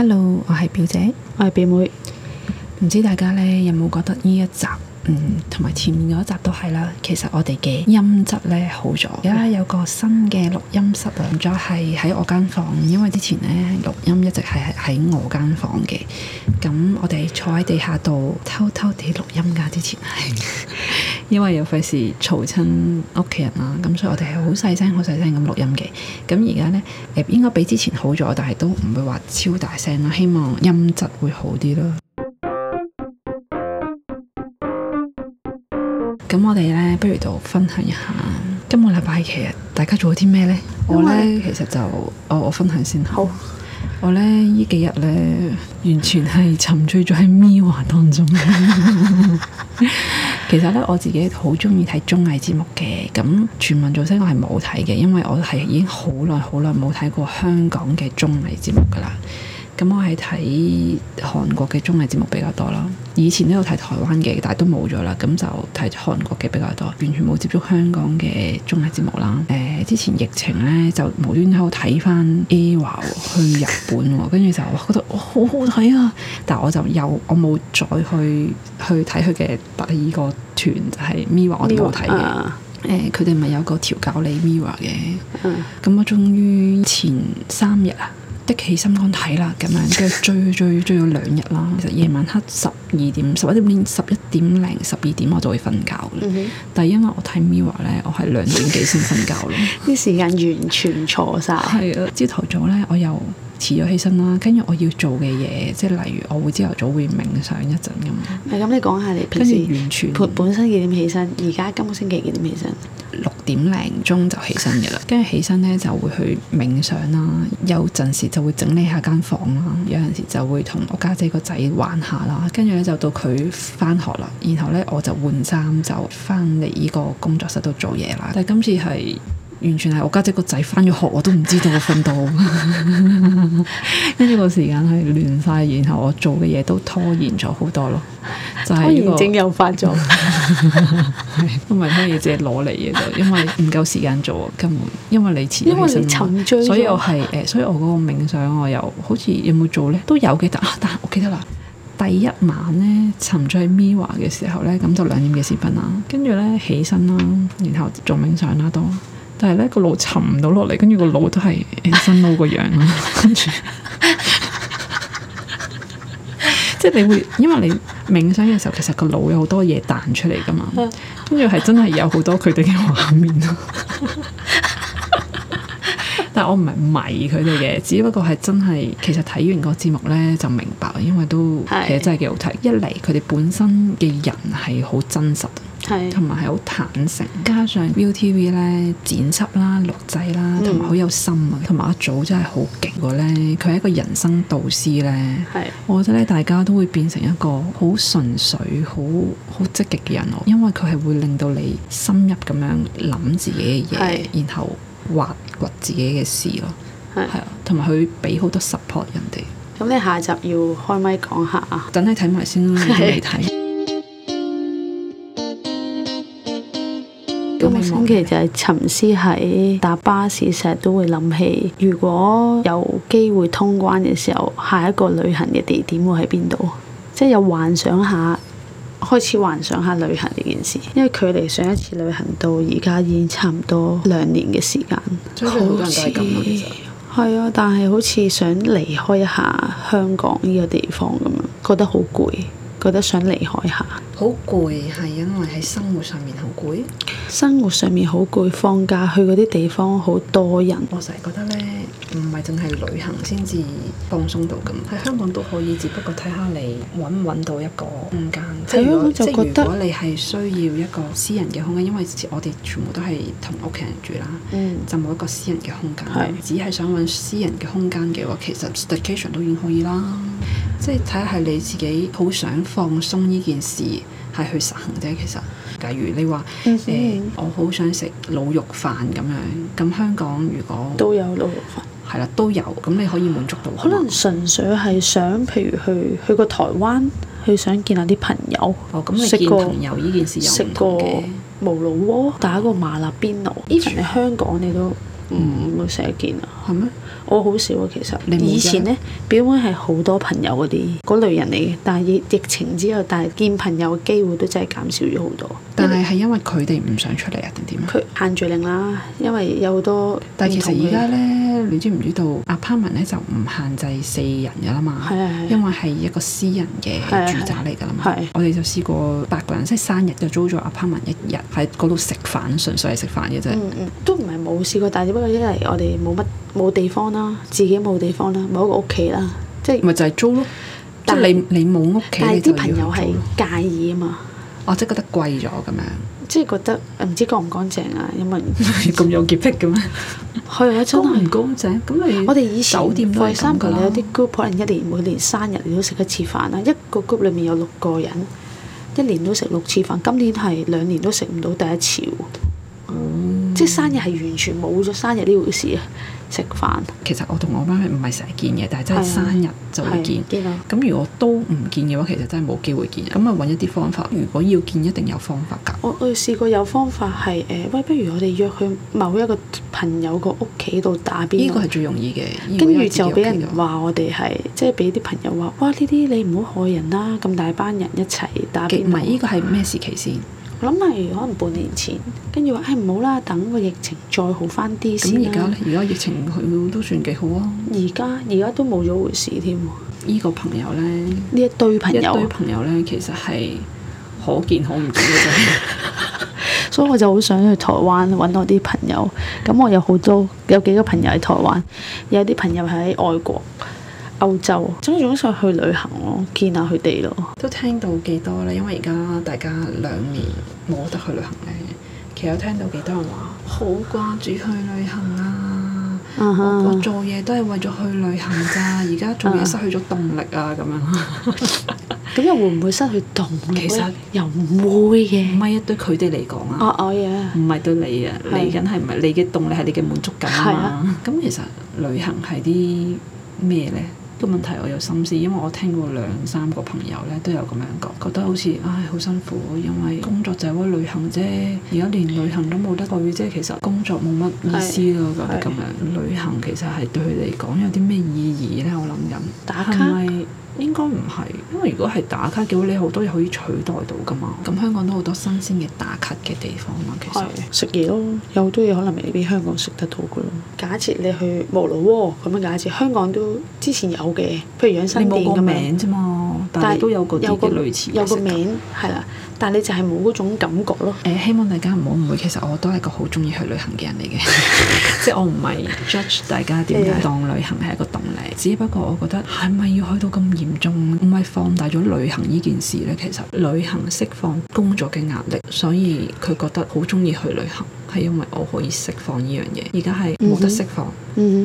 Hello，我係表姐，我係表妹，唔知大家咧有冇覺得呢一集？同埋、嗯、前面嗰一集都係啦。其實我哋嘅音質咧好咗。而家有個新嘅錄音室，唔再係喺我間房，因為之前咧錄音一直係喺我間房嘅。咁我哋坐喺地下度偷偷地錄音㗎。之前係 因為又費事嘈親屋企人啦，咁所以我哋係好細聲、好細聲咁錄音嘅。咁而家咧誒應該比之前好咗，但係都唔會話超大聲啦。希望音質會好啲啦。咁我哋咧，不如就分享一下今個禮拜其實大家做咗啲咩呢？為我咧其實就我、哦、我分享先。好，我咧呢幾日咧完全係沉醉咗喺 Mirror 當中。 其實咧我自己好中意睇綜藝節目嘅，咁全民造星我係冇睇嘅，因為我係已經好耐好耐冇睇過香港嘅綜藝節目噶啦。咁我係睇韓國嘅綜藝節目比較多啦，以前都有睇台灣嘅，但係都冇咗啦。咁就睇韓國嘅比較多，完全冇接觸香港嘅綜藝節目啦。誒、呃，之前疫情咧就無端端睇翻 A 去日本、喔，跟住 就覺得、哦、好好睇啊！但係我就又我冇再去去睇佢嘅第二個團，就係 Mi 娃我都冇睇嘅。誒、uh，呃，佢哋咪有個調教你 Mi 娃嘅。咁、uh，嗯、我終於前三日啊。的起心肝睇啦，咁樣跟住追追追咗兩日啦。 其實夜晚黑十二點、十一點、十一點零、十二點我就會瞓覺啦。Mm hmm. 但係因為我睇 Mirror 咧，我係兩點幾先瞓覺咯。啲時間完全錯晒。係 啊，朝頭早咧，我又，遲咗起身啦，跟住我要做嘅嘢，即係例如我會朝頭早會冥想一陣咁樣。係咁，你講下你平時完全本身幾點起身？而家今個星期幾點起身？六點零鐘就起身嘅啦。跟住 起身咧就會去冥想啦，有陣時就會整理下間房啦，有陣時就會同我家姐個仔玩下啦。跟住咧就到佢翻學啦，然後咧我就換衫就翻嚟依個工作室度做嘢啦。但係今次係。完全係我家姐個仔翻咗學，我都唔知道我瞓到。跟 住個時間係亂晒，然後我做嘅嘢都拖延咗好多咯。就係、是、驗整又發咗，我咪可以自攞嚟嘅。就因為唔夠時間做，根本因為你遲起所以我係誒， 所以我嗰個冥想我又好似有冇做咧？都有嘅，但、啊、但我記得啦。第一晚咧沉醉 Mirror 嘅時候咧，咁就兩點嘅時分啦。跟住咧起身啦，然後做冥想啦，都。都但係咧個腦沉唔到落嚟，跟住個腦都係新佬個樣啦。跟住， 即係你會，因為你冥想嘅時候，其實個腦有好多嘢彈出嚟噶嘛。跟住係真係有好多佢哋嘅畫面咯。 但係我唔係迷佢哋嘅，只不過係真係其實睇完個節目咧就明白，因為都其實真係幾好睇。一嚟佢哋本身嘅人係好真實。同埋係好坦誠，加上 ViuTV 咧剪輯啦、錄製啦，同埋好有心啊！同埋阿祖真係好勁嘅咧，佢係一個人生導師咧。係，是的 我覺得咧，大家都會變成一個好純粹、好好積極嘅人咯。因為佢係會令到你深入咁樣諗自己嘅嘢，是的 然後挖掘自己嘅事咯。係啊是的，同埋佢俾好多 support 人哋。咁你下集要開咪講下啊！等你睇埋先啦，你睇。是的 星期就係沉思喺搭巴士，成日都會諗起，如果有機會通關嘅時候，下一個旅行嘅地點會喺邊度？即係有幻想下，開始幻想下旅行呢件事，因為距離上一次旅行到而家已經差唔多兩年嘅時間，嗯、好似係啊，但係好似想離開一下香港呢個地方咁樣，覺得好攰。覺得想離開下，好攰，係因為喺生活上面好攰。生活上面好攰，放假去嗰啲地方好多人。我成日覺得咧，唔係淨係旅行先至放鬆到咁。喺香港都可以，只不過睇下你揾唔揾到一個空間。即係即如果你係需要一個私人嘅空間，因為我哋全部都係同屋企人住啦，嗯、就冇一個私人嘅空間。的只係想揾私人嘅空間嘅話，其實 staycation 都已經可以啦。即係睇下係你自己好想放鬆呢件事係去實行啫。其實，假如你話、mm hmm. 欸、我好想食魯肉飯咁樣，咁香港如果都有魯肉飯，係啦都有，咁你可以滿足到。可能純粹係想，譬如去去個台灣，去想見下啲朋友。咁、哦、你見朋友呢過件事有食冇嘅？無老鍋，打個麻辣邊爐。even 喺香港，你都唔會成日見啊。嗯係咩？我好少啊，其實以前咧，表妹係好多朋友嗰啲嗰類人嚟嘅，但係疫疫情之後，但係見朋友嘅機會都真係減少咗好多。但係係因為佢哋唔想出嚟啊定點佢限聚令啦，因為有好多。但係其實而家咧，你知唔知道？Apartment 咧就唔限制四人㗎啦嘛，因為係一個私人嘅住宅嚟㗎啦嘛。係。我哋就試過八個人，即係生日就租咗 Apartment 一日，喺嗰度食飯，純粹係食飯嘅啫。嗯嗯。都唔係冇試過，但係只不過因為我哋冇乜。冇地方啦，自己冇地方啦，冇一個屋企啦，即係。咪就係租咯，但係你你冇屋企但係啲朋友係介意啊嘛。哦，即係覺得貴咗咁樣。即係覺得唔知乾唔乾，乾淨啊，因為。咁 有潔癖嘅咩？係啊，乾唔乾淨咁你 我哋以前在三你有啲 group，可能一年每年生日你都食一次飯啦。一個 group 裏面有六個人，一年都食六次飯。今年係兩年都食唔到第一次喎。即生日係完全冇咗生日呢回事啊！食飯其實我同我媽咪唔係成日見嘅，但係真係生日就會見。見啊！咁如果都唔見嘅話，其實真係冇機會見。咁啊搵一啲方法，如果要見一定有方法㗎。我我試過有方法係誒，喂、呃，不如我哋約去某一個朋友個屋企度打邊爐。呢個係最容易嘅。跟住就俾人話我哋係，即係俾啲朋友話，哇！呢啲你唔好害人啦，咁大班人一齊打邊爐。唔係呢個係咩時期先？我諗係可能半年前，跟住話，誒，唔好啦，等個疫情再好翻啲先。而家咧，而家疫情佢都算幾好啊！而家而家都冇咗回事添呢。呢個朋友咧、啊，呢一堆朋友，一堆朋友咧，其實係可見可唔見？所以我就好想去台灣揾我啲朋友。咁我有好多有幾個朋友喺台灣，有啲朋友係喺外國。歐洲總總上去旅行咯，見下佢哋咯。都聽到幾多咧？因為而家大家兩年冇得去旅行咧，其實有聽到幾多人話好掛住去旅行啊！Uh huh. 我做嘢都係為咗去旅行㗎，而家做嘢失去咗動力啊！咁樣咁又、uh huh. 實會唔會失去動力？其實又唔會嘅。唔係對佢哋嚟講啊，我唔係對你啊，嚟緊係唔係？你嘅動力係你嘅滿足感啊嘛。咁的其實旅行係啲咩咧？這個問題我有心思，因為我聽過兩三個朋友咧都有咁樣講，覺得好似唉好辛苦，因為工作就係為旅行啫，而家連旅行都冇得去，即係其實工作冇乜意思咯，是我覺得咁樣是旅行。其實係對佢嚟講有啲咩意義咧？我諗緊，打卡係係應該唔係，因為如果係打卡嘅話，你好多嘢可以取代到㗎嘛。咁香港都好多新鮮嘅打卡嘅地方嘛。其實食嘢咯，有好多嘢可能未必香港食得到㗎咯。假設你去無老鍋咁樣，假設，香港都之前有嘅，譬如養生店嘅名啫嘛？但係都有，有個啲類似，有個名，係啦，但係你就係冇嗰種感覺咯。誒、欸，希望大家唔好誤會，其實我都係個好中意去旅行嘅人嚟嘅， 即係我唔係 judge 大家點解、欸、當旅行係一個動力，只不過我覺得係咪要去到咁嚴重，唔係放大咗旅行呢件事咧？其實旅行釋放工作嘅壓力，所以佢覺得好中意去旅行。係因為我可以釋放呢樣嘢，而家係冇得釋放，嗯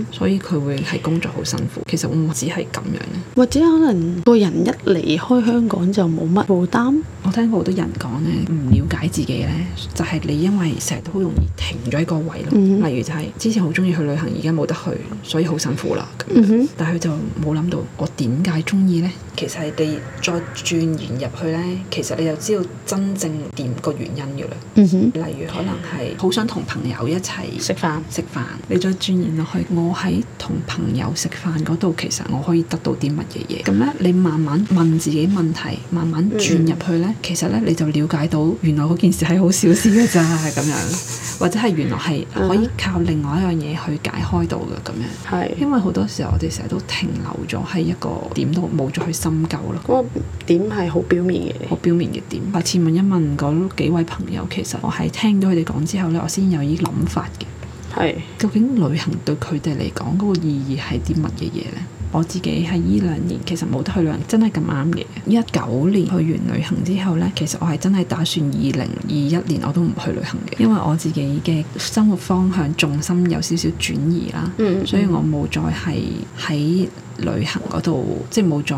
嗯、所以佢會係工作好辛苦。其實我唔只係咁樣咧，或者可能個人一離開香港就冇乜負擔。我聽過好多人講咧，唔了解自己咧，就係、是、你因為成日都好容易停咗一個位咯。嗯、哼例如就係之前好中意去旅行，而家冇得去，所以好辛苦啦。嗯、哼咁但係佢就冇諗到我點解中意咧？其實你再轉彎入去咧，其實你就知道真正點個原因嘅啦。嗯、哼例如可能係想同朋友一齊食飯食飯，你再轉移落去，我喺同朋友食飯嗰度，其實我可以得到啲乜嘢嘢？咁咧、嗯，你慢慢問自己問題，慢慢轉入去咧，嗯、其實咧你就了解到，原來嗰件事係好小事嘅啫，係咁 樣，或者係原來係可以靠另外一樣嘢去解開到嘅咁樣係、嗯、因為好多時候我哋成日都停留咗喺一個點都冇咗去深究咯。個點係好表面嘅。好表面嘅點，下次問一問嗰幾位朋友，其實我係聽到佢哋講之後咧。我先有呢諗法嘅，是究竟旅行對佢哋嚟講嗰個意義係啲乜嘅嘢呢？我自己喺呢兩年其實冇得去旅行，真係咁啱嘅。一九年去完旅行之後呢，其實我係真係打算二零二一年我都唔去旅行嘅，因為我自己嘅生活方向重心有少少轉移啦，嗯嗯，所以我冇再係喺旅行嗰度即係冇再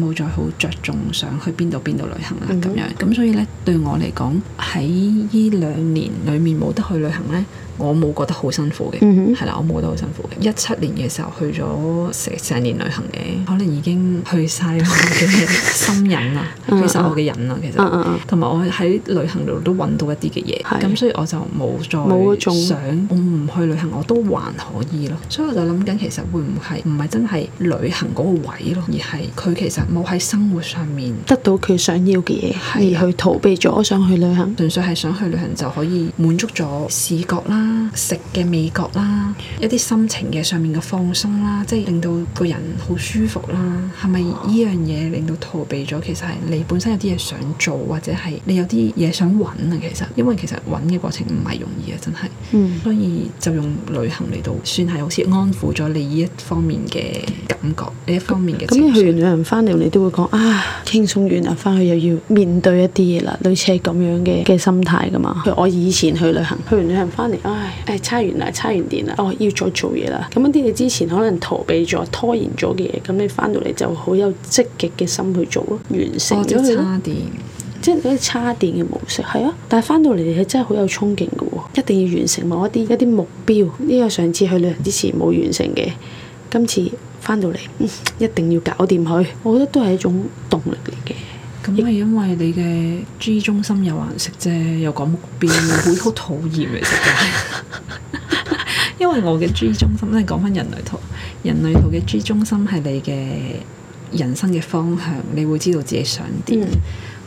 冇再好着重想去邊度邊度旅行啦咁樣咁、嗯、哼所以咧對我嚟講，喺依兩年裏面冇得去旅行咧，我冇覺得好辛苦嘅，係、嗯、哼啦，我冇覺得好辛苦嘅。一七年嘅時候去咗成成年旅行嘅，可能已經去晒我嘅心癮啦，去晒我嘅癮啦，其實同埋我喺旅行度都揾到一啲嘅嘢，咁是所以我就冇再想，種我唔去旅行我都還可以咯，所以我就諗緊其實會唔係唔係真係。旅行嗰個位咯，而係佢其實冇喺生活上面得到佢想要嘅嘢，係去逃避咗想去旅行。純粹係想去旅行就可以滿足咗視覺啦、食嘅味覺啦、一啲心情嘅上面嘅放鬆啦，即係令到個人好舒服啦。係咪依樣嘢令到逃避咗？其實係你本身有啲嘢想做，或者係你有啲嘢想揾啊。其實因為其實揾嘅過程唔係容易啊，真係嗯。所以就用旅行嚟到算係好似安撫咗你依一方面嘅。感覺呢一方面嘅。咁你去完旅行翻嚟，你都會講啊，輕鬆完啦，翻去又要面對一啲嘢啦，類似係咁樣嘅嘅心態噶嘛。譬如我以前去旅行，去完旅行翻嚟，唉，唉，差完啦，差完電啦，哦，要再做嘢啦。咁一啲你之前可能逃避咗、拖延咗嘅嘢，咁你翻到嚟就好有積極嘅心去做咯，完成咗差、哦就是、電，即係嗰啲差電嘅模式，係啊。但係翻到嚟你真係好有憧憬嘅喎，一定要完成某一啲一啲目標，呢、呢個上次去旅行之前冇完成嘅。今次翻到嚟、嗯，一定要搞掂佢。我覺得都係一種動力嚟嘅。咁係、嗯、 因為你嘅 G 中心有顏色啫，又講目標， 會好討厭嚟㗎。 因為我嘅 G 中心，即係講翻人類圖，人類圖嘅 G 中心係你嘅人生嘅方向，你會知道自己想點。嗯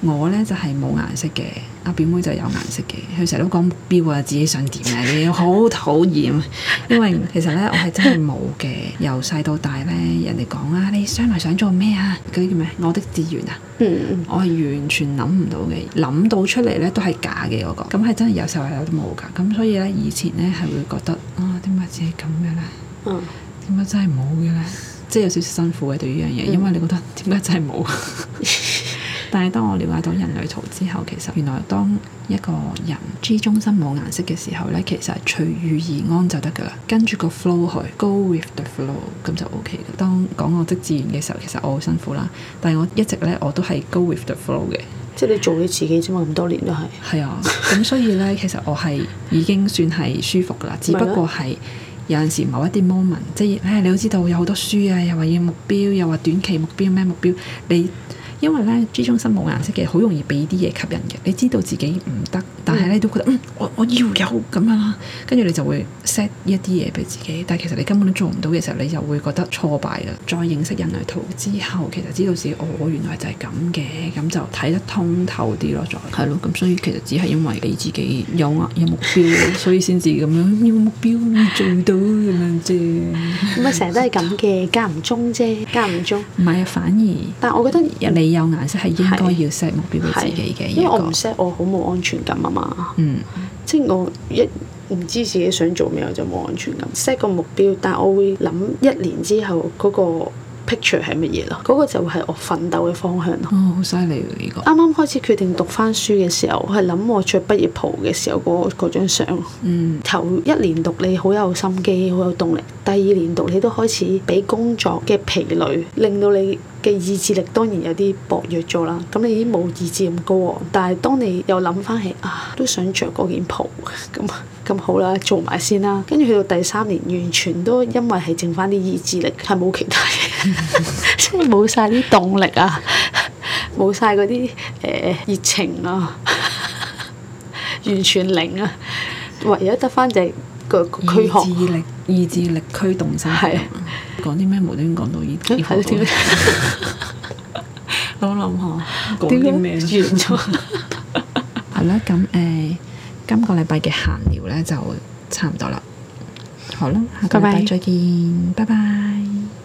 我咧就係冇顏色嘅，阿表妹就有顏色嘅。佢成日都講目標啊，自己想點啊，你好討厭。 因為其實咧我係真係冇嘅，由細到大咧，人哋講啊，你將來想做咩啊？嗰啲叫咩？我的志願啊，嗯、我係完全諗唔到嘅，諗到出嚟咧都係假嘅嗰個。咁係真係有時候有啲冇㗎。咁所以咧以前咧係會覺得啊，點解自己咁嘅咧？點解、嗯、真係冇嘅咧？即係有少少辛苦嘅，對呢樣嘢，嗯、因為你覺得點解真係冇？ 但係當我了解到人類圖之後，其實原來當一個人 G 中心冇顏色嘅時候呢，其實隨遇而安就得噶啦，跟住個 flow 去，go with the flow，咁就 OK 嘅。當講我即自然嘅時候，其實我好辛苦啦，但係我一直呢，我都係 go with the flow 嘅。即係你做你自己啫嘛，咁多年都係。係 啊，咁所以呢，其實我係已經算係舒服啦，只不過係有陣時某一啲 moment，即係、哎、你都知道有好多書啊，又話要目標，又話短期目標咩目標你。因為咧，G 中心冇顏色嘅，好容易俾啲嘢吸引嘅。你知道自己唔得，但係咧都覺得嗯，我我要有咁樣、啊，跟住你就會 set 一啲嘢俾自己。但係其實你根本都做唔到嘅時候，你就會覺得挫敗啦。再認識人類圖之後，其實知道自己，我、哦、原來就係咁嘅，咁就睇得通透啲咯。就係。係咯了，咁所以其實只係因為你自己有呀有目標，所以先至咁樣要目標要 做到咁樣啫。唔係成日都係咁嘅，間唔中啫，間唔中。唔係啊，反而。但係我覺得你有顏色係應該要 set 目標俾自己嘅，因為我唔 set，我好冇安全感啊嘛。嗯。即係我一唔知自己想做咩，我就冇安全感。set 個目標，但我會諗一年之後嗰個 picture 係乜嘢咯？嗰個就係我奮鬥嘅方向咯。哦，好犀利㗎呢個！啱啱開始決定讀返書嘅時候，我係諗我着畢業袍嘅時候嗰張相。嗯。頭一年讀你好有心機，好有動力。第二年讀你都開始俾工作嘅疲累，令到你。嘅意志力當然有啲薄弱咗啦，咁你已經冇意志咁高喎。但係當你又諗翻起啊，都想着嗰件袍，咁咁好啦，做埋先啦。跟住去到第三年，完全都因為係剩翻啲意志力，係冇其他嘢，即係冇晒啲動力啊，冇晒嗰啲誒熱情啊， 完全零啊，唯有得翻隻個驅力、意志力驅動晒，講啲咩無端端講到醫醫好，講，我諗下講啲咩完咗？係啦、嗯，咁誒，今個禮拜嘅閒聊咧就差唔多啦。好啦，下個禮拜再見，拜拜 Bye bye.。